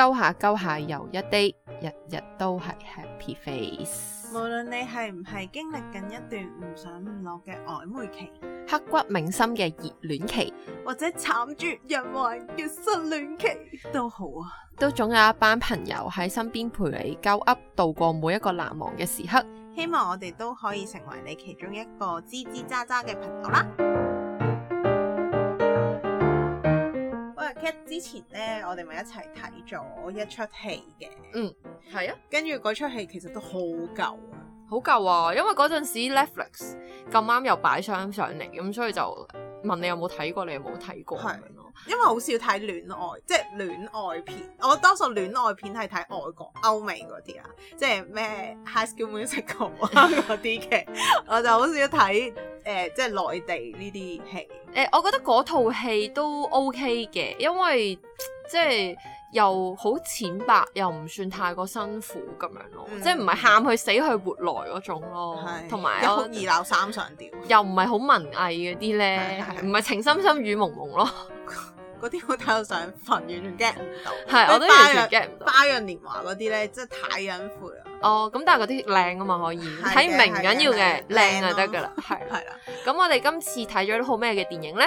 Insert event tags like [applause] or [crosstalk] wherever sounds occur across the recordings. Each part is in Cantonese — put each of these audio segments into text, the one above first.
溝下溝下又一啲，日日都係 happy face。無論你係唔係經歷緊一段唔上唔落嘅曖昧期、刻骨銘心嘅熱戀期，或者慘絕人寰嘅失戀期，都好啊，都總有一班朋友喺身邊陪你鳩噏，度過每一個難忘嘅時刻。希望我哋都可以成為你其中一個吱吱喳喳嘅朋友啦。之前呢，我哋咪一齊睇咗一出戲嘅。嗯，係啊。跟住嗰出戲其實都好舊啊，好舊啊。因為嗰陣時 Netflix 咁啱又擺上上嚟，咁所以就問你有冇睇過，你有冇睇過？係咯。咁樣，因為好少睇戀愛，即係戀愛片。我多數戀愛片係睇外國、歐美嗰啲啊，即係咩 High School Musical 嗰啲嘅。我就好少睇。誒、呃，即係內地呢啲戲，誒、呃，我覺得嗰套戲都 OK 嘅，因為即係又好淺白，又唔算太過辛苦咁樣咯，嗯、即係唔係喊佢死去活來嗰種咯，係是，同埋好二鬧三上吊，又唔係好文藝嗰啲咧，唔係情深深雨濛濛咯，嗰啲 [laughs] 我睇到上瞓，完全 get 唔到，係是，我都完全 get 唔到，花樣年華嗰啲咧，真係太隱晦啊！哦，咁但係嗰啲靚啊嘛，可以睇唔明唔緊要嘅，靚就得噶啦，係係啦。咁我哋今次睇咗一套咩嘅電影呢？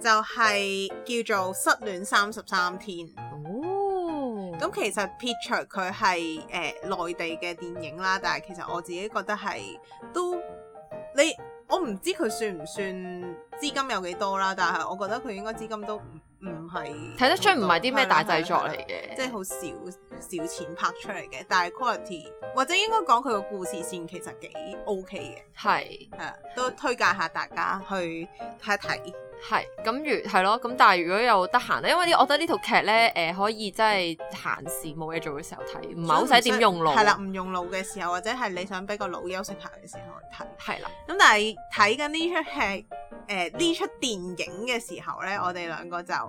就係叫做《失戀三十三天》。哦，咁、哦、其實撇除佢係誒內地嘅電影啦，但係其實我自己覺得係都你我唔知佢算唔算資金有幾多啦，但係我覺得佢應該資金都唔唔。係睇得出唔係啲咩大製作嚟嘅，即係好少少錢拍出嚟嘅。但係 quality 或者應該講佢個故事線其實幾 OK 嘅。係係是都推介下大家去睇一睇。係咁如係咯，咁但係如果有得閒咧，因為呢，我覺得呢套劇咧，誒、呃、可以真係閒時冇嘢做嘅時候睇，唔係好使點用腦。係啦，唔用腦嘅時候，或者係你想俾個腦休息下嘅時候睇。係啦。咁的、嗯、但係睇緊呢出劇，誒呢出電影嘅時候咧，我哋兩個就～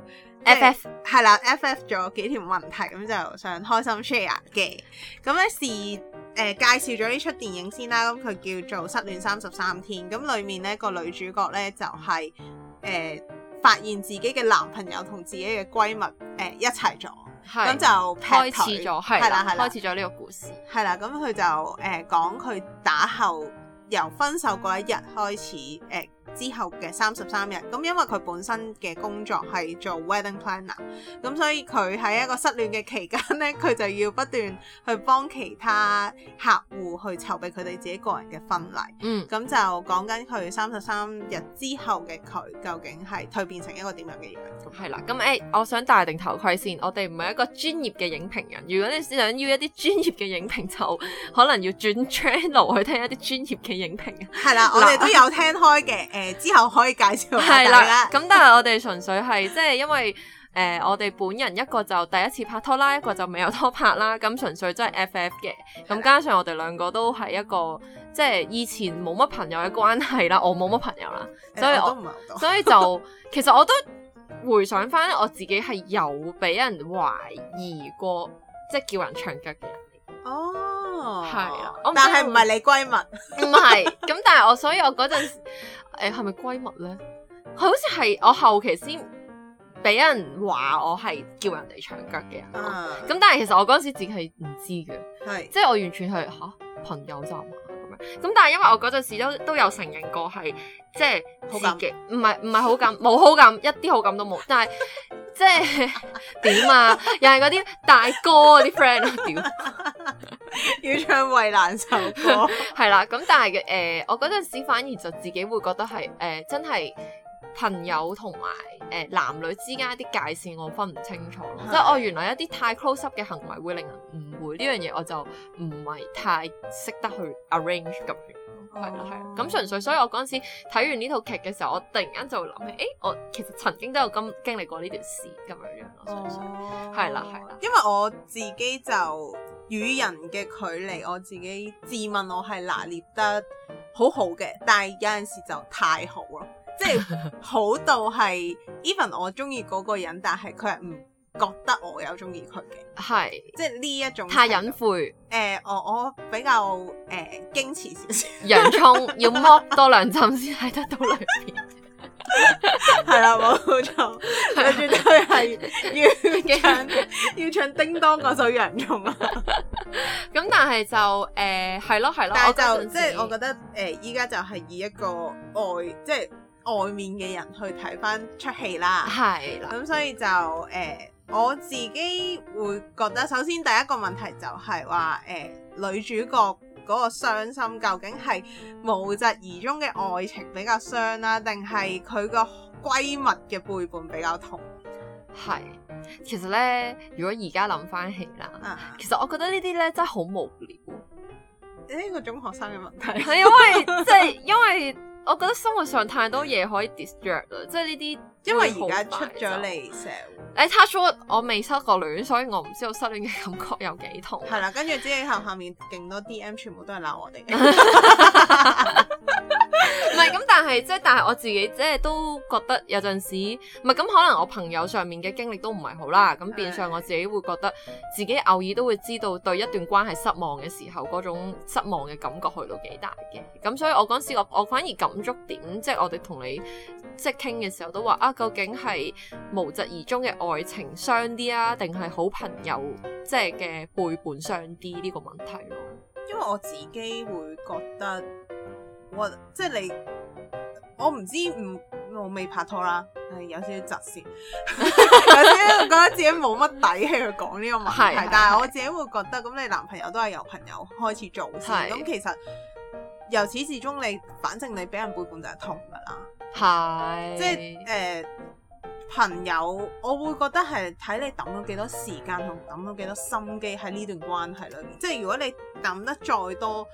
F F 係啦，F F 咗幾條問題，咁就想開心 share 嘅。咁咧是誒介紹咗呢出電影先啦。咁佢叫做《失戀三十三天》。咁裏面咧、那個女主角咧就係、是、誒、呃、發現自己嘅男朋友同自己嘅閨蜜誒、呃、一齊咗，咁的就開始咗，係啦，的開始咗呢個故事。係啦，咁佢就誒講佢打後由分手嗰一日開始誒。呃之後嘅三十三日，咁因為佢本身嘅工作係做 wedding planner，咁所以佢喺一個失戀嘅期間呢，佢就要不斷去幫其他客戶去籌備佢哋自己個人嘅婚禮。嗯，咁就講緊佢三十三日之後嘅佢究竟係蛻變成一個點樣嘅樣？係啦、嗯，咁誒、欸，我想戴定頭盔先。我哋唔係一個專業嘅影評人，如果你想要一啲專業嘅影評，就可能要轉 channel 去聽一啲專業嘅影評。係啦，我哋都有聽開嘅 [laughs] 之後可以介紹大家啦的。咁 [laughs] 但係我哋純粹係即係因為誒、呃，我哋本人一個就第一次拍拖啦，一個就未有拖拍啦。咁純粹都係 F F 嘅。咁加上我哋兩個都係一個即係、就是、以前冇乜朋友嘅關係啦。我冇乜朋友啦，所以我都唔係所以就 [laughs] 其實我都回想翻我自己係有俾人懷疑過，即、就、係、是、叫人唱吉嘅人哦。係 [music] 啊，但係唔係你閨蜜，唔係咁，但係我，所以我嗰陣，誒、欸，係咪閨蜜咧？佢好似係我後期先俾人話我係叫人哋長腳嘅人，咁、啊、但係其實我嗰時自己係唔知嘅，係是，即係我完全係吓朋友咋嘛，咁樣，咁但係因為我嗰陣時都都有承認過係，即係好感，唔係唔係好感，冇好，好感，一啲好感都冇， [laughs] 但係即係點啊？又係嗰啲大哥嗰啲 friend 啊 [laughs] 要唱衛蘭首歌， [laughs] 係啦，咁但係嘅誒，我嗰陣時反而就自己會覺得係誒、呃，真係朋友同埋誒男女之間一啲界線，我分唔清楚咯，即係的哦，原來一啲太 close up 嘅行為會令人誤會呢樣嘢，這個、我就唔係太識得去 arrange 咁。係啦，係啦，咁純粹，所以我嗰陣時睇完呢套劇嘅時候，我突然間就諗起，誒、欸，我其實曾經都有咁經歷過呢段事，咁樣樣咯，純粹。係啦，係啦，因為我自己就與人嘅距離，我自己自問我係拿捏得好好嘅，但係有陣時就太好咯，即、就、係、是、好到係 [laughs] even 我中意嗰個人，但係佢係唔。嗯覺得我有中意佢嘅，係即係呢一種太隱晦。誒，我我比較誒矜持少少，洋葱要剝多兩針先睇得到裏邊，係啦，冇錯，係絕對係要唱要唱叮當嗰首洋葱啊！咁但係就誒係咯係咯，但係就即係我覺得誒依家就係以一個外即係外面嘅人去睇翻出戲啦，係啦，咁所以就誒。我自己會覺得，首先第一個問題就係話，誒、呃、女主角嗰個傷心究竟係無疾而終嘅愛情比較傷啦，定係佢個閨蜜嘅背叛比較痛？係，其實咧，如果而家諗翻起啦，啊、其實我覺得呢啲咧真係好無聊。呢個中學生嘅問題係因為即係因為。 [laughs] [laughs] 我覺得生活上太多嘢可以 disturb 啦，即係呢啲，因為而家出咗嚟成，你 touch wood，我未失過戀，所以我唔知道失戀嘅感覺有幾痛。係啦，跟住之後下面勁多 DM，全部都係鬧我哋嘅。 [laughs] [laughs] 唔係咁，但係即係，但係我自己即係都覺得有陣時唔係咁，可能我朋友上面嘅經歷都唔係好啦，咁變相我自己會覺得自己偶爾都會知道對一段關係失望嘅時候，嗰種失望嘅感覺去到幾大嘅，咁所以我嗰時我我反而感觸點，即係我哋同你即係傾嘅時候都話啊，究竟係無疾而終嘅愛情傷啲啊，定係好朋友即係嘅背叛傷啲呢個問題咯？因為我自己會覺得。我即係你，我唔知唔，我未拍拖啦，係有少少窒先，有啲 [laughs] [laughs] 覺得自己冇乜底氣去講呢個問題，是是是，但係我自己會覺得，咁你男朋友都係由朋友開始做先，咁是是 其實由始至終，你反正你俾人背叛就係痛噶啦，係是是 即係誒。呃朋友，我會覺得係睇你抌咗幾多時間同抌咗幾多心機喺呢段關係裏面。即係如果你抌得再多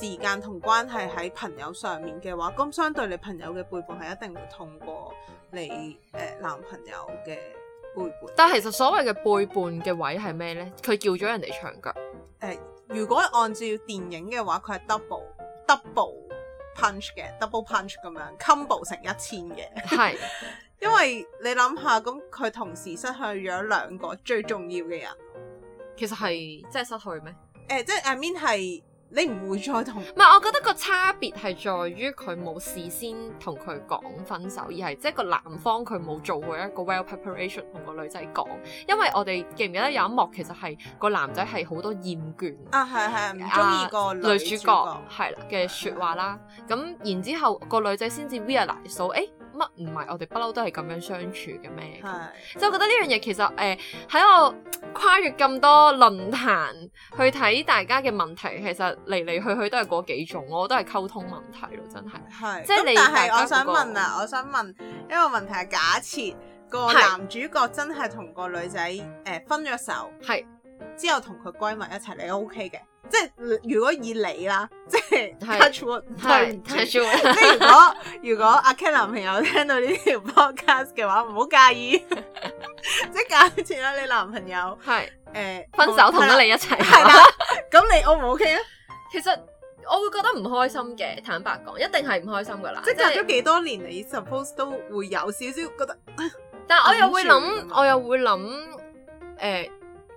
時間同關係喺朋友上面嘅話，咁相對你朋友嘅背叛係一定會痛過你誒、呃、男朋友嘅背叛。但係其實所謂嘅背叛嘅位係咩呢？佢叫咗人哋長腳、呃。如果按照電影嘅話，佢係 double double。Punch 嘅 Double Punch 咁樣 Combo 成一千嘅，係 [laughs] [laughs] 因為你諗下，咁佢同時失去咗兩個最重要嘅人，其實係即係失去咩？誒、欸，即、就、係、是、I mean 係。你唔會再同唔係？ [noise] 我覺得個差別係在於佢冇事先同佢講分手，而係即係個男方佢冇做過一個 well preparation 同個女仔講。因為我哋記唔記得有一幕其實係個男仔係好多厭倦啊，係係唔中意個女主角係啦嘅説話啦。咁然之後個女仔先至 realize，哎、欸。乜唔係我哋不嬲都係咁樣相處嘅咩？即係的我覺得呢樣嘢，其實誒喺、呃、我跨越咁多論壇去睇大家嘅問題，其實嚟嚟去去都係嗰幾種，我覺得係溝通問題咯，真係。係即係。是你但是，但係我想問啊，我想問一個問題係假設個男主角真係同個女仔誒、呃、分咗手，係的之後同佢閨蜜一齊，你 O K 嘅？即係如果以你啦，即係 touch wood，touch wood。即係如果如果阿 Ken 男朋友聽到呢條 podcast 嘅話，唔好介意。即係假設啊，你男朋友係誒分手同咗你一齊，係啦，咁你 O 唔 OK 啊？其實我會覺得唔開心嘅，坦白講，一定係唔開心噶啦。即係隔咗幾多年，你 suppose 都會有少少覺得。但係我又會諗，我又會諗誒。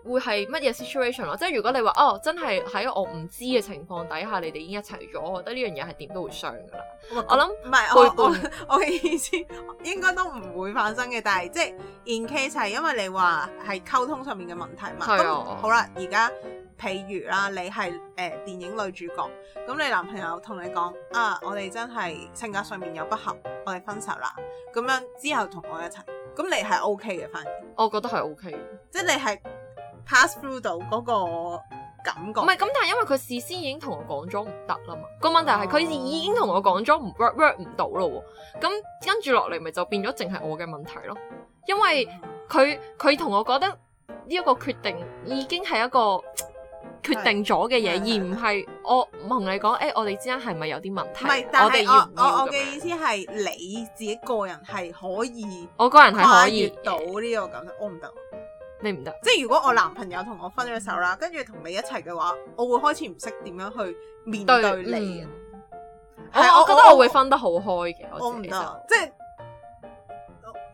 會係乜嘢 situation 咯？即係如果你話哦，真係喺我唔知嘅情況底下，你哋已經一齊咗，我覺得呢樣嘢係點都會傷㗎啦。我諗唔係我我嘅意思應該都唔會發生嘅。但係即係 in case 係因為你話係溝通上面嘅問題嘛。啊嗯、好啦，而家譬如啦，你係誒、呃、電影女主角，咁你男朋友同你講啊，我哋真係性格上面有不合，我哋分手啦。咁樣之後同我一齊，咁你係 OK 嘅，反而我覺得係 OK 嘅，即係你係。pass through 到嗰個感覺，唔係咁，但係因為佢事先已經同我講咗唔得啦嘛。個、哦、問題係佢已經同我講咗 work work 唔到咯喎，咁跟住落嚟咪就變咗淨係我嘅問題咯。因為佢佢同我覺得呢一個決定已經係一個決定咗嘅嘢，而唔係我同你講，誒、欸，我哋之間係咪有啲問題？唔係，但係我我要要，我嘅意思係你自己個人係可以，我個人係可以到呢個感受，我唔得。你唔得，即係如果我男朋友同我分咗手啦，跟住同你一齊嘅話，我會開始唔識點樣去面對你。係，我覺得我會分得好開嘅。我唔得，即係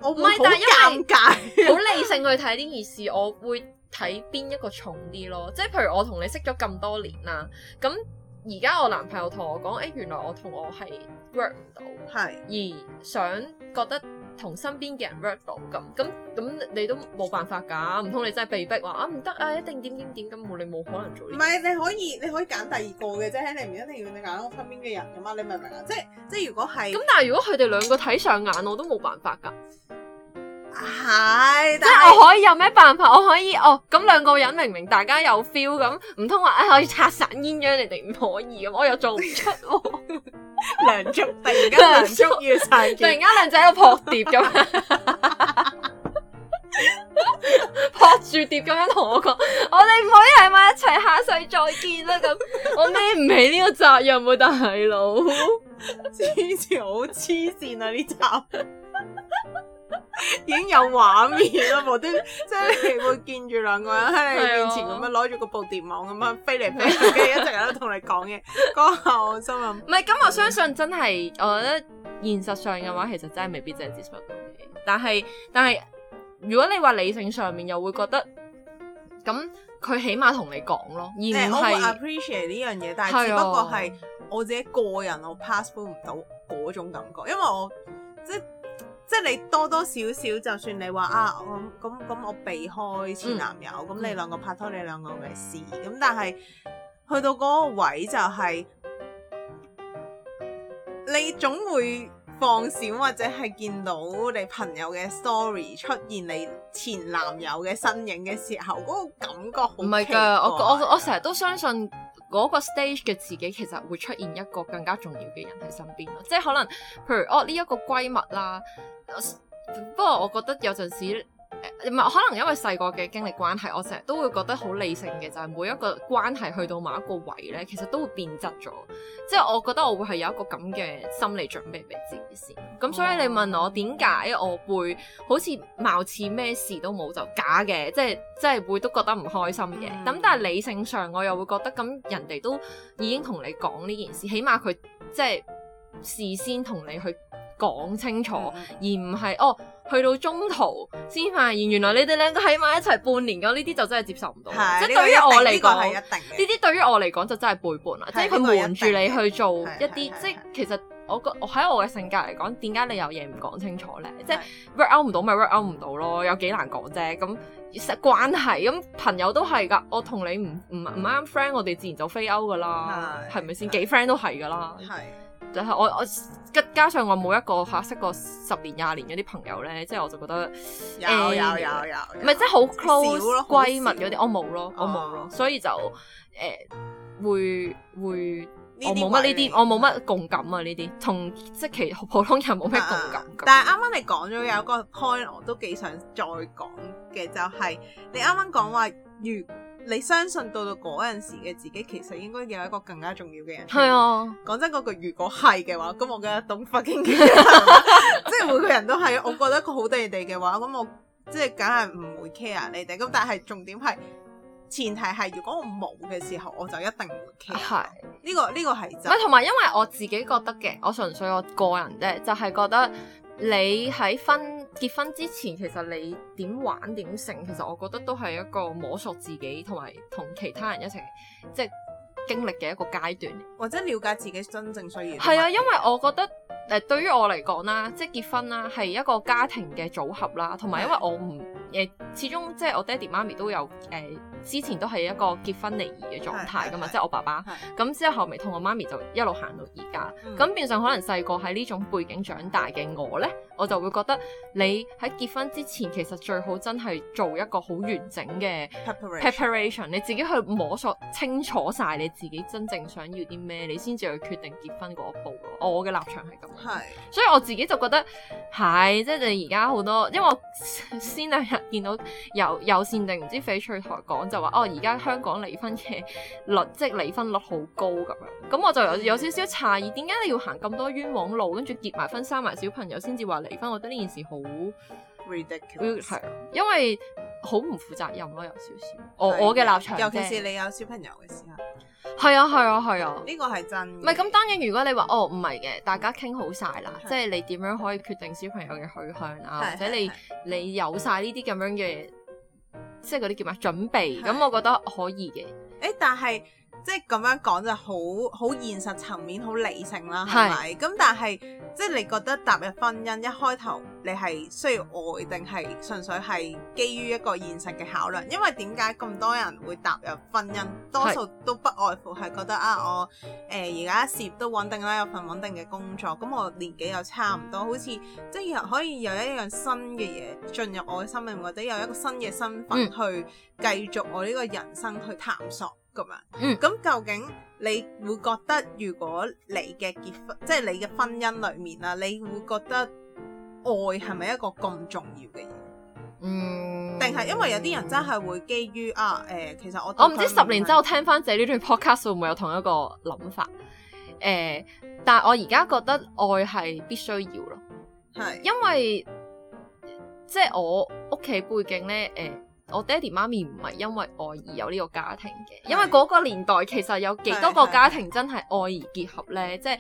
我唔係，但係尷尬，因為好理性去睇呢件事，我會睇邊一個重啲咯。即係譬如我同你識咗咁多年啦，咁而家我男朋友同我講，誒，原來我同我係 work 唔到，係而想覺得。同身邊嘅人 work 到，咁咁咁，你都冇辦法㗎，唔通你真係被逼話啊唔得啊，一定點點點咁，你冇可能做。唔係，你可以你可以揀第二個嘅啫，你唔一定要你揀我身邊嘅人㗎嘛，你明唔明啊？即即如果係咁，但係如果佢哋兩個睇上眼，我都冇辦法㗎。係，即我可以有咩辦法？我可以哦，咁兩個人明明大家有 feel 咁，唔通話啊可以拆散鴛鴦，你哋唔可以咁，我又做唔出。梁祝突然間，梁祝要晒 [laughs] 突然間靚仔喺度扑碟咁樣, [laughs] 碟樣，扑住碟咁樣同我講：我哋唔可以喺埋一齊，下世再見啦咁。 [laughs] 我孭唔起呢個責任喎，大佬，黐 [laughs] 線好黐線啊呢集。 [laughs] [laughs] 已經有畫面咯，無端即係你會見住兩個人喺你面前咁樣攞住個布電網咁樣飛嚟飛去，跟住 [laughs] 一直喺度同你講嘢，講下我心諗。唔係，咁我相信真係， [laughs] 我覺得現實上嘅話，其實真係未必真係接受到嘅。但係，但係如果你話理性上面又會覺得，咁佢起碼同你講咯，而唔係。 [laughs] 我會 appreciate 呢樣嘢，但係只不過係我自己個人，我 passport 唔到嗰種感覺，因為我即係。即係你多多少少，就算你話啊，咁咁咁我避開前男友，咁、嗯、你兩個拍拖，嗯、你兩個嘅事，咁但係去到嗰個位就係、是，你總會放閃或者係見到你朋友嘅 story 出現你前男友嘅身影嘅時候，嗰、那個感覺好唔係噶，我我我成日都相信。嗰個 stage 嘅自己其實會出現一個更加重要嘅人喺身邊，即係可能譬如哦，呢一個閨蜜啦，啊，不過我覺得有陣時。誒，可能因為細個嘅經歷關係，我成日都會覺得好理性嘅，就係、是、每一個關係去到某一個位呢，其實都會變質咗。即係我覺得我會係有一個咁嘅心理準備俾自己先。咁所以你問我點解、哦、我會好似貌似咩事都冇就假嘅，即係即係會都覺得唔開心嘅。咁、嗯、但係理性上我又會覺得，咁人哋都已經同你講呢件事，起碼佢即係事先同你去講清楚，嗯、而唔係哦。去到中途先發現，原來你哋兩個喺埋一齊半年咁，呢啲就真係接受唔到。即係對於我嚟講，呢個係一定嘅。呢啲對於我嚟講就真係背叛啦。即係佢瞞住你去做一啲，即係其實我覺喺我嘅性格嚟講，點解你有嘢唔講清楚咧？即係 work out 唔到咪 work out 唔到咯，有幾難講啫。咁實關係咁朋友都係噶，我同你唔唔唔啱 friend，我哋自然就非歐噶啦，係咪先幾 friend 都係噶啦。就係我我加上我冇一個認識過十年廿年嗰啲朋友咧，即係我就覺得有有有有，唔係即係好 close 閨蜜嗰啲，我冇咯，我冇咯，所以就誒會會我冇乜呢啲，我冇乜共感啊呢啲，同即其普通人冇咩共感。但係啱啱你講咗有個 point，我都幾想再講嘅，就係你啱啱講話如。你相信到到嗰陣時嘅自己，其實應該有一個更加重要嘅人。係啊，講真嗰句，如果係嘅話，咁我嘅懂法經嘅，即係 [laughs] [laughs] 每個人都係我覺得佢好地地嘅話，咁我即係梗係唔會 care 你哋。咁但係重點係前提係如果我冇嘅時候，我就一定唔會 care。係呢是、呢個呢、呢個係就是。唔係同埋，因為我自己覺得嘅，我純粹我個人啫，就係、是、覺得你喺分。結婚之前其實你點玩點成，其實我覺得都係一個摸索自己同埋同其他人一齊即係經歷嘅一個階段，或者了解自己真正需要。係啊，因為我覺得。誒、呃，對於我嚟講啦，即係結婚啦、啊，係一個家庭嘅組合啦，同埋因為我唔誒、呃，始終即係我爹哋媽咪都有誒、呃，之前都係一個結婚離異嘅狀態噶嘛，是是是即係我爸爸咁是是 之後，後尾同我媽咪就一路行到而家，咁、嗯、變相可能細個喺呢種背景長大嘅我咧，我就會覺得你喺結婚之前，其實最好真係做一個好完整嘅 preparation，你自己去摸索清楚晒你自己真正想要啲咩，你先至去決定結婚嗰一步。我嘅立場係。係， [music] 所以我自己就覺得係，即係你而家好多，因為我先兩日見到有有線定唔知翡翠台講就話、是、哦，而家香港離婚嘅率，即離婚率好高咁樣，咁我就有有少少詫異，點解你要行咁多冤枉路，跟住結埋婚生埋小朋友先至話離婚，我覺得呢件事好。係，因為好唔負責任咯，有少少。我我嘅立場，尤其是你有小朋友嘅時候，係啊係啊係啊，呢個係真。唔係咁，當然如果你話哦唔係嘅，大家傾好晒啦，的即係你點樣可以決定小朋友嘅去向啊，的或者你的你有晒呢啲咁樣嘅，即係嗰啲叫咩準備，咁的我覺得可以嘅。誒、欸，但係。即係咁樣講就好好現實層面好理性啦，係咪咁？是但係即係你覺得踏入婚姻一開頭，你係需要愛、呃，定係純粹係基於一個現實嘅考慮？因為點解咁多人會踏入婚姻，多數都不外乎係覺得是啊，我誒而家事業都穩定啦，有份穩定嘅工作，咁我年紀又差唔多，好似即係可以有一樣新嘅嘢進入我嘅生命，或者有一個新嘅身份去繼續我呢個人生去探索。嗯咁啊，咁、嗯、究竟你會覺得，如果你嘅結婚，即係你嘅婚姻裏面啊，你會覺得愛係咪一個咁重要嘅嘢？嗯，定係因為有啲人真係會基於、嗯、啊，誒、呃，其實我我唔知十年之後聽翻自己呢段 Podcast 會唔會有同一個諗法？誒、呃，但係我而家覺得愛係必須要咯，係，因為即係我屋企背景咧，誒、呃。我爹哋媽咪唔係因為愛而有呢個家庭嘅，因為嗰個年代其實有幾多個家庭真係愛而結合呢？即係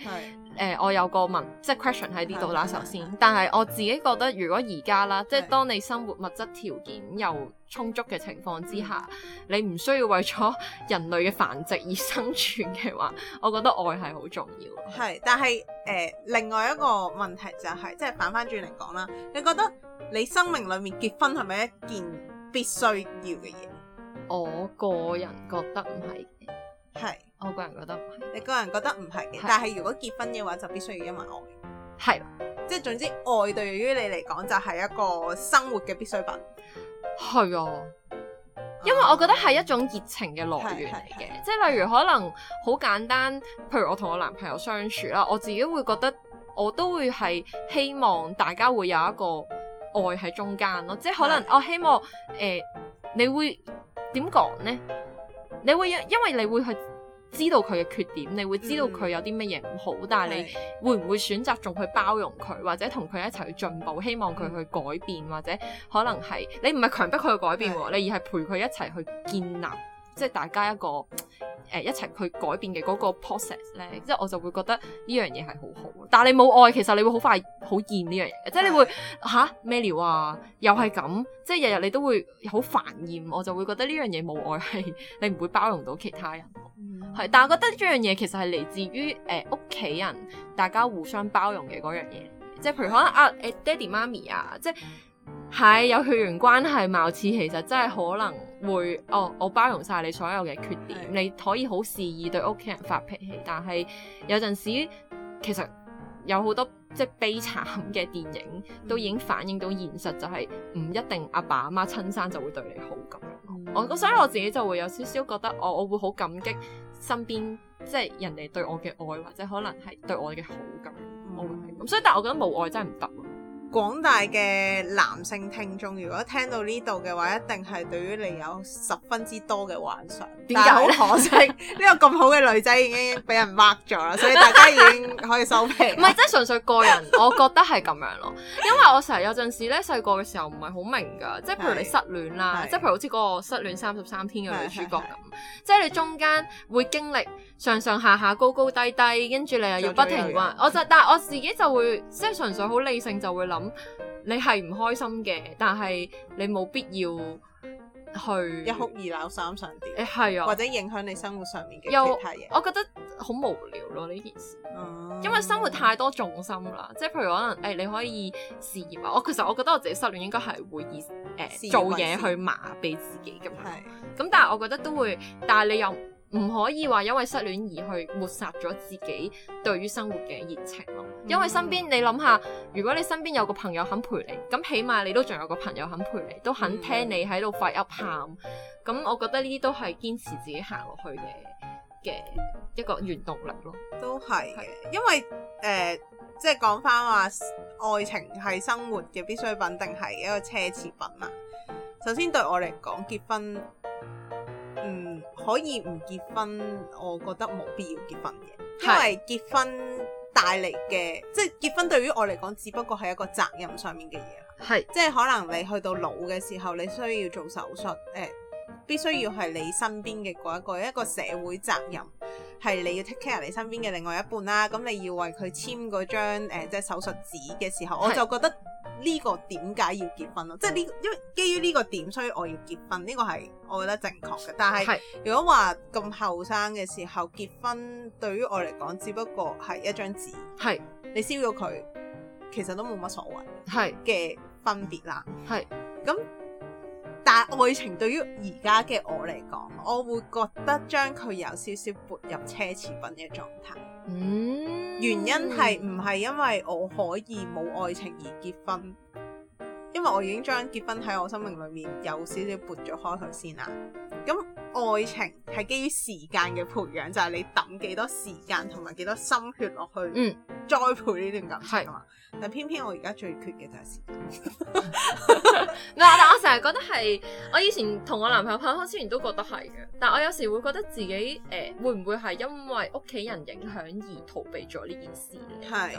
呃，我有個問，即係 question 喺呢度啦。首先，但係我自己覺得，如果而家啦，即係當你生活物質條件又充足嘅情況之下，你唔需要為咗人類嘅繁殖而生存嘅話，我覺得愛係好重要。係對，對但係誒、呃，另外一個問題就係即係反翻轉嚟講啦，你覺得你生命裡面結婚係咪一件？必須要嘅嘢，我個人覺得唔係嘅，係我個人覺得唔係。你個人覺得唔係嘅，但係如果結婚嘅話，就必須要因為愛。係即係總之，愛對於你嚟講就係一個生活嘅必需品。係啊，因為我覺得係一種熱情嘅來源嚟嘅，即係例如可能好簡單，譬如我同我男朋友相處啦，我自己會覺得我都會係希望大家會有一個。愛喺中間咯，即係可能我 Yes.、哦、希望誒、呃，你會點講呢？你會因為你會去知道佢嘅缺點，你會知道佢有啲乜嘢唔好，mm. 但係你會唔會選擇仲去包容佢，或者同佢一齊去進步？希望佢去改變，mm. 或者可能係你唔係強迫佢去改變，你、mm. 而係陪佢一齊去建立。即係大家一個誒、呃、一齊去改變嘅嗰個 process 咧，即係我就會覺得呢樣嘢係好好嘅。但係你冇愛，其實你會好快好厭呢樣嘢，即係你會吓咩料啊？又係咁，即係日日你都會好煩厭。我就會覺得呢樣嘢冇愛係你唔會包容到其他人，係、嗯。但係我覺得呢樣嘢其實係嚟自於誒屋企人大家互相包容嘅嗰樣嘢，即係譬如可能阿誒爹哋媽咪啊，即係係有血緣關係，貌似其實真係可能。會哦，我包容晒你所有嘅缺點。的你可以好肆意對屋企人發脾氣，但係有陣時其實有好多即係悲慘嘅電影都已經反映到現實，就係，就係唔一定阿爸阿媽親生就會對你好咁，嗯、我所以我自己就會有少少覺得，我、哦、我會好感激身邊即係人哋對我嘅愛，或者可能係對我嘅好感。嗯，我會係咁。咁所以但係我覺得冇愛真係唔得。嗯廣大嘅男性聽眾，如果聽到呢度嘅話，一定係對於你有十分之多嘅幻想。點解？好可惜，呢 [laughs] 個咁好嘅女仔已經俾人 mark 咗啦， [laughs] 所以大家已經可以收皮。唔係，即、就、係、是、純粹個人，我覺得係咁樣咯。 [laughs] 因為我成日有陣時咧，細個嘅時候唔係好明㗎，即係譬如你失戀啦，即係對譬如好似嗰個失戀三十三天嘅女主角咁，即係你中間會經歷上上下下、高高低低，低，跟住你又要不停話，我就、嗯、但係我自己就會即係、就是、純粹好理性就會諗。你係唔開心嘅，但係你冇必要去一哭二鬧三上吊，係、欸、啊，或者影響你生活上面嘅其他嘢。我覺得好無聊咯、啊、呢件事，哦、因為生活太多重心啦，即係譬如可能誒、欸，你可以事業啊。我其實我覺得我自己失戀應該係會以誒、呃、做嘢去麻痹自己嘅嘛，咁是、嗯、但係我覺得都會，但係你又。唔可以話因為失戀而去抹殺咗自己對於生活嘅熱情咯，嗯、因為身邊你諗下，如果你身邊有個朋友肯陪你，咁起碼你都仲有個朋友肯陪你，都肯聽你喺度發噏喊，咁、嗯、我覺得呢啲都係堅持自己行落去嘅嘅一個原動力咯。都係，因為誒、呃，即係講翻話愛情係生活嘅必需品定係一個奢侈品啊？嗯、首先對我嚟講，結婚。嗯，可以唔結婚，我覺得冇必要結婚嘅，是因為結婚帶嚟嘅，即係結婚對於我嚟講，只不過係一個責任上面嘅嘢。係是，即係可能你去到老嘅時候，你需要做手術，誒、呃，必須要係你身邊嘅嗰一個一個社會責任，係你要 take care 你身邊嘅另外一半啦。咁你要為佢簽嗰張是、呃、即係手術紙嘅時候，我就覺得。呢個點解要結婚咯？即係呢，因為基於呢個點，所以我要結婚。呢個係我覺得正確嘅。但係是如果話咁後生嘅時候結婚，對於我嚟講，只不過係一張紙，係是你燒咗佢，其實都冇乜所謂是。係嘅分別啦。係是。咁，但係愛情對於而家嘅我嚟講，我會覺得將佢有少少撥入奢侈品嘅狀態。嗯，原因係唔係因為我可以冇愛情而結婚，因為我已經將結婚喺我生命裏面有少少撥咗開佢先啦，咁、嗯。愛情係基於時間嘅培養，就係、是、你等幾多時間同埋幾多心血落去、嗯、栽培呢段感情是，但偏偏我而家最缺嘅就係時間。嗱 [laughs] [laughs] [laughs] 但我成日覺得係，我以前同我男朋友拍拖之前都覺得係嘅，但我有時會覺得自己誒、呃、會唔會係因為屋企人影響而逃避咗呢件事嚟？咁樣是，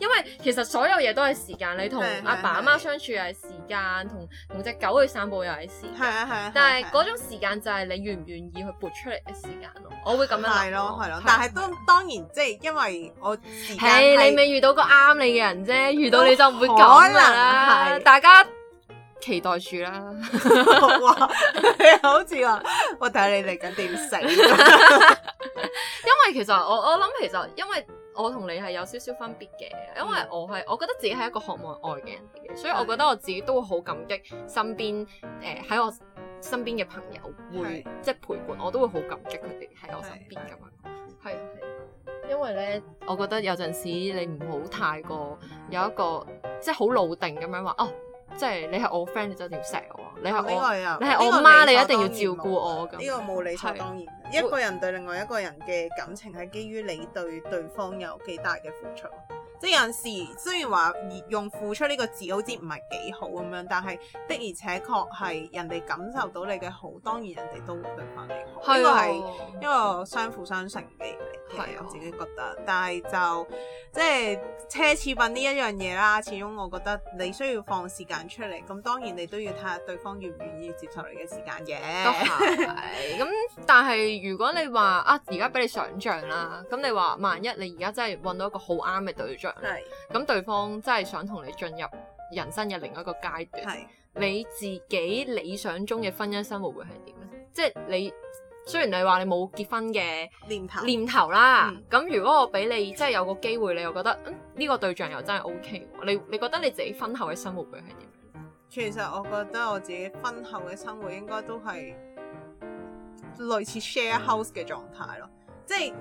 因為其實所有嘢都係時間，你同阿爸阿媽，媽相處又係時間，同同隻狗去散步又係時間，係啊係啊。但係嗰種時間就係你唔願意去撥出嚟嘅時間咯，我會咁樣諗係咯，係咯。但係都當然，即係因為我時、欸、你未遇到個啱你嘅人啫，遇到你就唔會咁啦。可能大家期待住啦， [laughs] 好似話我睇下你嚟緊點死。 [laughs] [laughs] 因為其實我我諗其實因為我同你係有少少分別嘅，因為我係我覺得自己係一個渴望愛嘅人嚟嘅，嗯、所以我覺得我自己都會好感激身邊誒喺、呃、我。身邊嘅朋友會是即係陪伴，我都會好感激佢哋喺我身邊咁樣。係係，因為咧，我覺得有陣時你唔好太過有一個、嗯、即係好老定咁樣話哦，即係你係我 friend，你真係要錫我、啊、我。你係我，你係我媽，你一定要照顧我。咁呢個冇理所當然。的一個人對另外一個人嘅感情係基於你對對方有幾大嘅付出。即有時雖然話用付出呢個字好似唔係幾好咁樣，但係的而且確係人哋感受到你嘅好，當然人哋都會對翻你好。呢個係一個相輔相成嘅係啊，我自己覺得，的但係就即係、就是、奢侈品呢一樣嘢啦。始終我覺得你需要放時間出嚟，咁當然你都要睇下對方願唔願意接受你嘅時間嘅。咁是 [laughs] 但係如果你話啊，而家俾你想像啦，咁你話萬一你而家真係揾到一個好啱嘅對象，係咁的對方真係想同你進入人生嘅另一個階段，係的你自己理想中嘅婚姻生活會係點？即、就、係、是、你。雖然你話你冇結婚嘅念頭念頭啦，咁、嗯、如果我俾你即係、就是、有個機會，你又覺得呢、嗯這個對象又真係 OK，你你覺得你自己婚後嘅生活係點樣？其實我覺得我自己婚後嘅生活應該都係類似 share house 嘅狀態咯，嗯、即係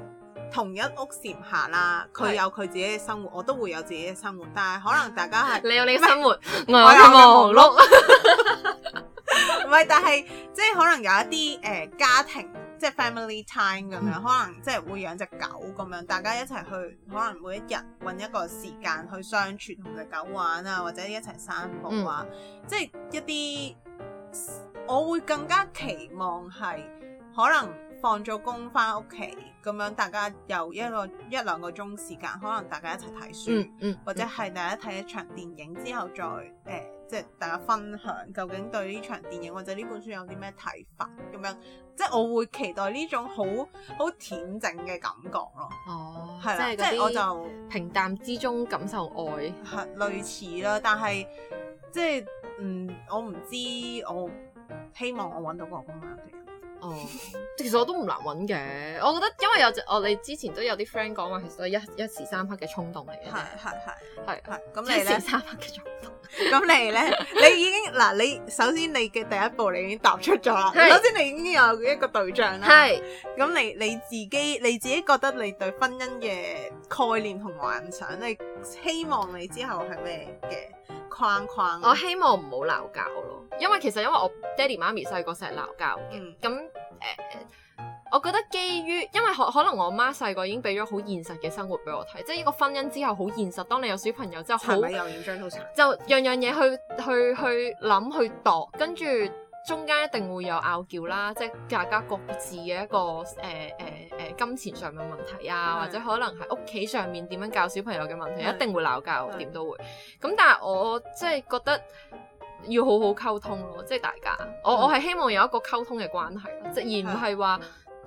同一屋檐下啦，佢有佢自己嘅生活，是我都會有自己嘅生活，但係可能大家係你有你嘅生活，麼我有我嘅忙碌。 [laughs] 唔係，但係即係可能有一啲誒、呃、家庭，即係 family time 咁樣、嗯、可能即係會養隻狗咁樣，大家一齊去，可能每一日揾一個時間去相處同隻狗玩啊，或者一齊散步啊，嗯、即係一啲，我會更加期望係可能。放咗工翻屋企咁樣，大家有一個一兩個鐘時，時間，可能大家一齊睇書，嗯嗯嗯、或者係大家睇一場電影之後再，再、呃、誒即係大家分享究竟對呢場電影或者呢本書有啲咩睇法咁樣，即係我會期待呢種好好恬靜嘅感覺咯。哦，係啦，即係我就平淡之中感受愛，係類似啦，但係即係嗯，我唔知我希望我揾到個咁樣嘅。Oh, 其實我都唔難揾嘅，我覺得因為有我哋之前都有啲 friend 講話，其實一一時三刻嘅衝動嚟嘅，係係係係係咁你呢一時三刻嘅衝動，咁你咧， [laughs] 你已經嗱，你首先你嘅第一步你已經踏出咗啦，是首先你已經有一個對象啦，係是，咁你你自己你自己覺得你對婚姻嘅概念同幻想，你希望你之後係咩嘅框框？我希望唔好鬧交咯，因為其實因為我爹哋媽咪細個成日鬧交嘅，咁、嗯。嗯誒，uh, 我覺得基於因為可可能我媽細個已經俾咗好現實嘅生活俾我睇，即係呢個婚姻之後好現實。當你有小朋友之後，好，咪又要張套餐？就樣樣嘢去去去諗去度，跟住中間一定會有拗撬啦，即係大家各自嘅一個誒誒誒金錢上面嘅問題啊，的或者可能係屋企上面點樣教小朋友嘅問題，一定會鬧交，點都會。咁的但係我即係覺得。要好好溝通咯，即係大家，我我係希望有一個溝通嘅關係，即而唔係話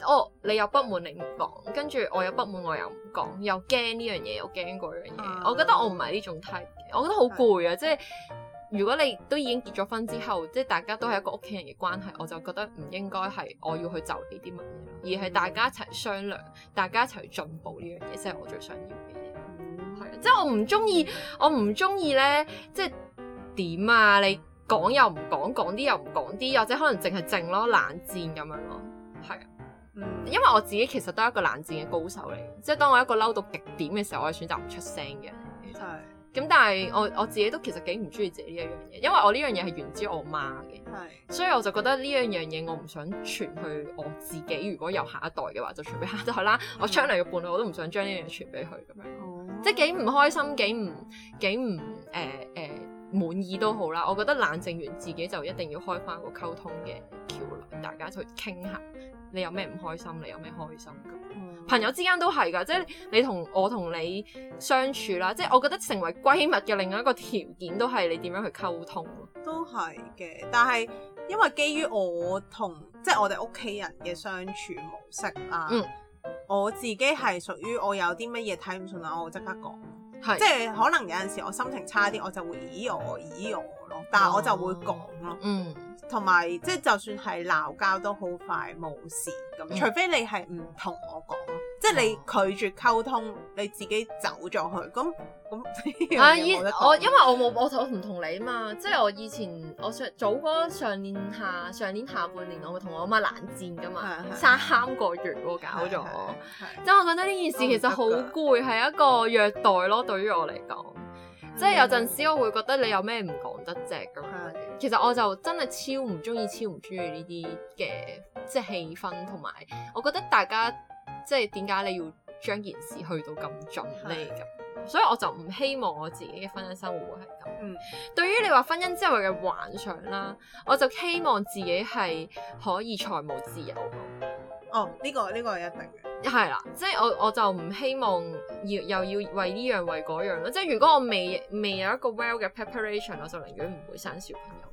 哦，你有不滿你唔講，跟住我有不滿我又唔講，又驚呢樣嘢，又驚嗰樣嘢，我覺得我唔係呢種態，我覺得好攰啊！即係如果你都已經結咗婚之後，即係大家都係一個屋企人嘅關係，我就覺得唔應該係我要去就呢啲乜嘢，而係大家一齊商量，大家一齊去進步呢樣嘢，即係我最想要嘅嘢。係，即係我唔中意，我唔中意咧，即係。點啊？你講又唔講，講啲又唔講啲，或者可能淨係靜咯，冷戰咁樣咯，係啊，嗯、因為我自己其實都係一個冷戰嘅高手嚟，即係當我一個嬲到極點嘅時候，我係選擇唔出聲嘅，其實咁。嗯、但係我我自己都其實幾唔中意自己呢一樣嘢，因為我呢樣嘢係源自我媽嘅，係、嗯，所以我就覺得呢樣嘢我唔想傳去我自己。如果有下一代嘅話，就傳俾下一代啦。嗯、我將來嘅伴侶我都唔想將呢樣嘢傳俾佢咁樣，嗯嗯、即係幾唔開心，幾唔幾唔誒誒，滿意都好啦，嗯、我覺得冷靜完自己就一定要開翻個溝通嘅橋樑，大家去傾下，你有咩唔開心，你有咩開心，嗯、朋友之間都係噶，即係你同我同你相處啦，即係我覺得成為閨蜜嘅另外一個條件都係你點樣去溝通，都係嘅，但係因為基於我同即係我哋屋企人嘅相處模式啦，嗯、我自己係屬於我有啲乜嘢睇唔順眼，我即刻講。是即係可能有陣時我心情差啲，我就會咦我咦我咯，但係我就會講咯、哦。嗯，同埋即係就算係鬧交都好快冇事咁，嗯、除非你係唔同我講。即係你拒絕溝通，你自己走咗去。咁咁 [laughs] 啊，依 [noise] 我因為我冇我我唔同你啊嘛。即係我以前我上早嗰上年下上年下半年，我咪同我阿媽冷戰㗎嘛，爭是三個月喎，搞咗。即係我覺得呢件事其實好攰，係一個虐待咯。對於我嚟講，即係是是 有陣時我會覺得你有咩唔講得啫咁。是是其實我就真係超唔鍾意，超唔鍾意呢啲嘅即係氣氛同埋，我覺得大家。即係點解你要將件事去到咁盡呢咁？是的 所以我就唔希望我自己嘅婚姻生活會係咁。嗯，對於你話婚姻之外嘅幻想啦，我就希望自己係可以財務自由咯。哦，呢個呢個係一定嘅，係啦。即係我我就唔希望要又要為呢樣為嗰樣咯。即係如果我未未有一個 well 嘅 preparation，我就寧願唔會生小朋友。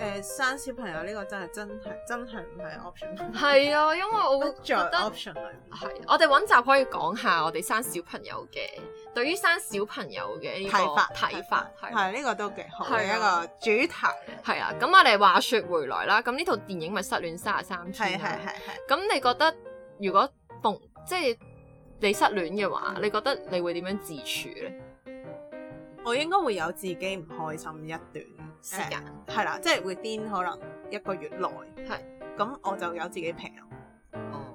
誒生小朋友呢個真係真係真係唔係 option。係啊，因為我覺得 option 係。係，我哋揾集可以講下我哋生小朋友嘅，對於生小朋友嘅睇法睇法係。係，呢個都幾好。係一個主題。係啊，咁我哋話說回來啦，咁呢套電影咪失戀三十三天。係係係係。咁你覺得如果逢即係你失戀嘅話，你覺得你會點樣自處咧？我應該會有自己唔開心一段時間，係啦的，即係會癲，可能一個月內，係咁的我就有自己平，哦，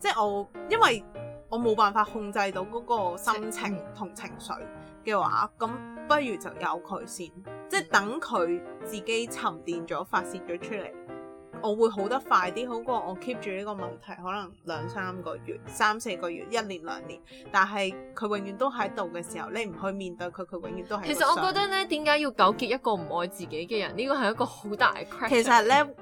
即係我因為我冇辦法控制到嗰個心情同情緒嘅話，咁的不如就由佢先，即係等佢自己沉澱咗發泄咗出嚟。我會好得快啲，好過我 keep 住呢個問題，可能兩三個月、三四個月、一年兩年，但係佢永遠都喺度嘅時候，你唔去面對佢，佢永遠都係。其實我覺得咧，點解要糾結一個唔愛自己嘅人？呢個係一個好大嘅。其實咧，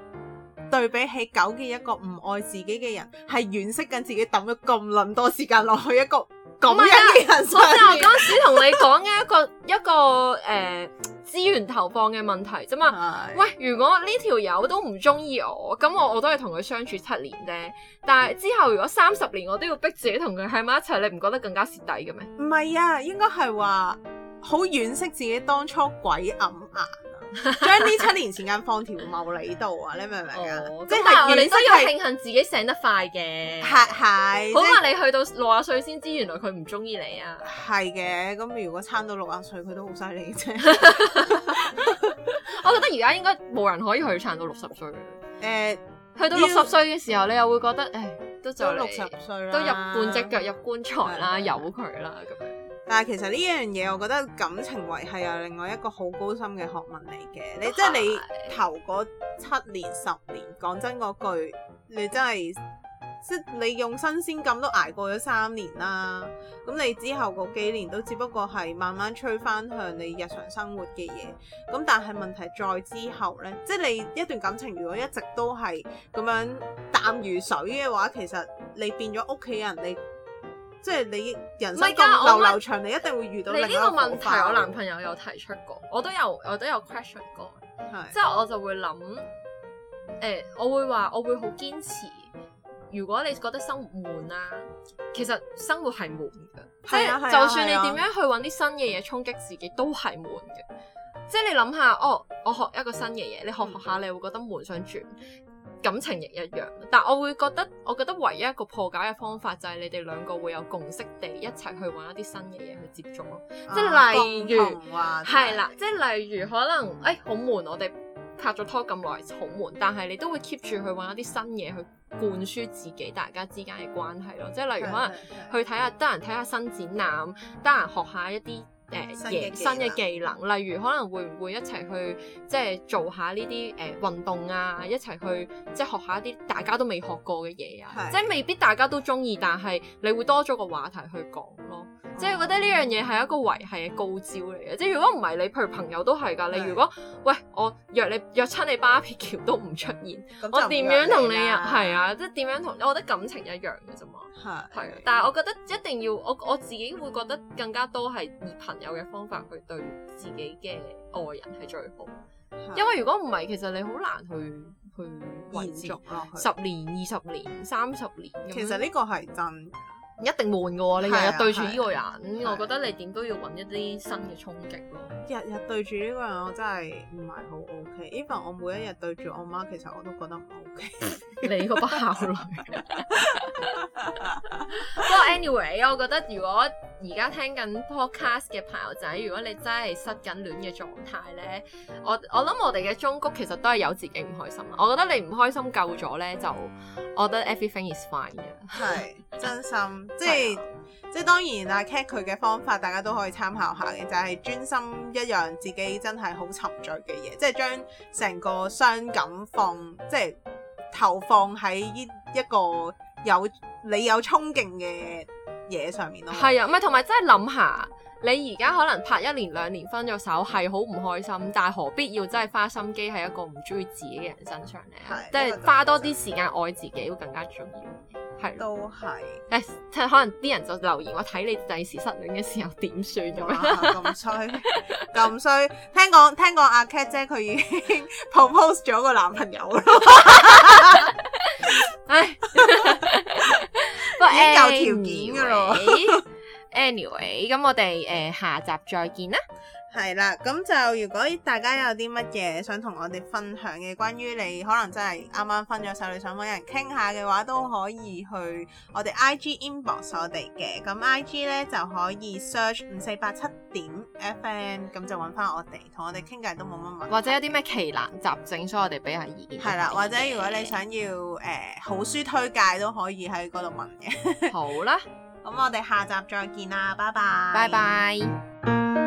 對比起糾結一個唔愛自己嘅人，係惋惜緊自己抌咗咁撚多時間落去一個。唔係啊，我即係嗰陣時同你講嘅一個 [laughs] 一個誒、呃、資源投放嘅問題啫嘛。就是、的喂，如果呢條友都唔中意我，咁我我都係同佢相處七年咧。但係之後如果三十年我都要逼自己同佢喺埋一齊，你唔覺得更加蝕底嘅咩？唔係啊，應該係話好惋惜自己當初鬼揞眼。將呢七年時間放條茂裏度啊，你明唔明啊？即係我哋都要慶幸自己醒得快嘅。係係，好話你去到六十歲先知，原來佢唔中意你啊。係嘅，咁如果撐到六十歲，佢都好犀利啫。我覺得而家應該冇人可以去撐到六十歲。誒，去到六十歲嘅時候，你又會覺得，唉，都就嚟六十歲，都入半隻腳入棺材啦，由佢啦咁樣。但係其實呢一樣嘢，我覺得感情維係有另外一個好高深嘅學問嚟嘅。是即你即係你頭嗰七年、十年，講真嗰句，你真係即你用新鮮感都捱過咗三年啦。咁你之後嗰幾年都只不過係慢慢吹翻向你日常生活嘅嘢。咁但係問題再之後呢，即係你一段感情如果一直都係咁樣淡如水嘅話，其實你變咗屋企人你。即係你人生流流長，你一定會遇到你呢個問題。我男朋友有提出過，我都有我都有 question 過。係的，即係我就會諗，誒、欸，我會話我會好堅持。如果你覺得生活悶啊，其實生活係悶嘅，即係的就，就算你點樣去揾啲新嘅嘢衝擊自己都係悶嘅。即係你諗下，哦，我學一個新嘅嘢，你學學下，你會覺得悶想轉。感情亦一樣，但我會覺得，我覺得唯一一個破解嘅方法就係你哋兩個會有共識地一齊去搵一啲新嘅嘢去接觸咯，啊、即係例如係、啊就是、啦，即係例如可能誒好、哎、悶，我哋拍咗拖咁耐好悶，但係你都會 keep 住去搵一啲新嘢去灌輸自己，大家之間嘅關係咯，即係例如可能去睇下得閒睇下新展覽，得閒學下一啲。誒、呃、新嘅技能，例如可能會唔會一齊去即係、就是、做下呢啲誒運動啊，一齊去即係、就是、學下啲大家都未學過嘅嘢啊，是的 即係未必大家都中意，但係你會多咗個話題去講咯。即係我覺得呢樣嘢係一個維繫嘅高招嚟嘅，即係如果唔係你，譬如朋友都係噶，你如果喂我約你約親你八撇橋都唔出現，嗯、我點樣同你入？係啊、嗯，即係點樣同？我覺得感情一樣嘅啫嘛。係啊的，的但係我覺得一定要我我自己會覺得更加多係以朋友嘅方法去對自己嘅愛人係最好，的因為如果唔係，其實你好難去、嗯、去延續十年、二十、嗯、年、三十年。其實呢個係真。一定悶嘅，你日日對住呢個人，我覺得你點都要揾一啲新嘅衝擊咯。日日對住呢個人，我真係唔係好 OK。因為我每一日對住我媽，其實我都覺得唔 OK。 [laughs] 你個不孝女。 [laughs] 不 [laughs] 過 But anyway， [laughs] 我覺得如果而家聽緊 podcast 嘅朋友仔，如果你真係失緊戀嘅狀態咧，我我諗我哋嘅中谷其實都係有自己唔開心。我覺得你唔開心夠咗咧，就我覺得 everything is fine 嘅。係、嗯 [laughs] ，真心，即係 [laughs] 即係當然阿 Cat 佢嘅方法，大家都可以參考下嘅，就係、是、專心一樣自己真係好沉醉嘅嘢，即係將成個傷感放，即係投放喺呢一個。有你有衝勁嘅嘢上面咯，係啊，咪同埋真係諗下，你而家可能拍一年兩年分咗手係好唔開心，但係何必要真係花心機喺一個唔中意自己嘅人身上咧？是即係花多啲時間愛自己會更加重要。係都係是，誒，即係可能啲人就留言我睇你第時失戀嘅時候點算咁衰咁衰？聽講聽講阿、啊、cat 姐佢已經 propose 咗個男朋友咯。 [laughs] 唉，不過一舊條件噶咯。Anyway，咁我哋誒下集再見啦。係啦，咁就如果大家有啲乜嘢想同我哋分享嘅，關於你可能真係啱啱分咗手，你想揾人傾下嘅話，都可以去我哋 IG inbox 我哋嘅，咁 IG 咧，就可以 search 五四八七點 FM，咁就揾翻我哋，同我哋傾偈都冇乜問題。或者有啲咩奇難雜症，所以我哋俾下意見。係啦，或者如果你想要誒、欸、好書推介，都可以喺嗰度問嘅。 [laughs] 好啦，咁我哋下集再見啦，拜拜。拜拜。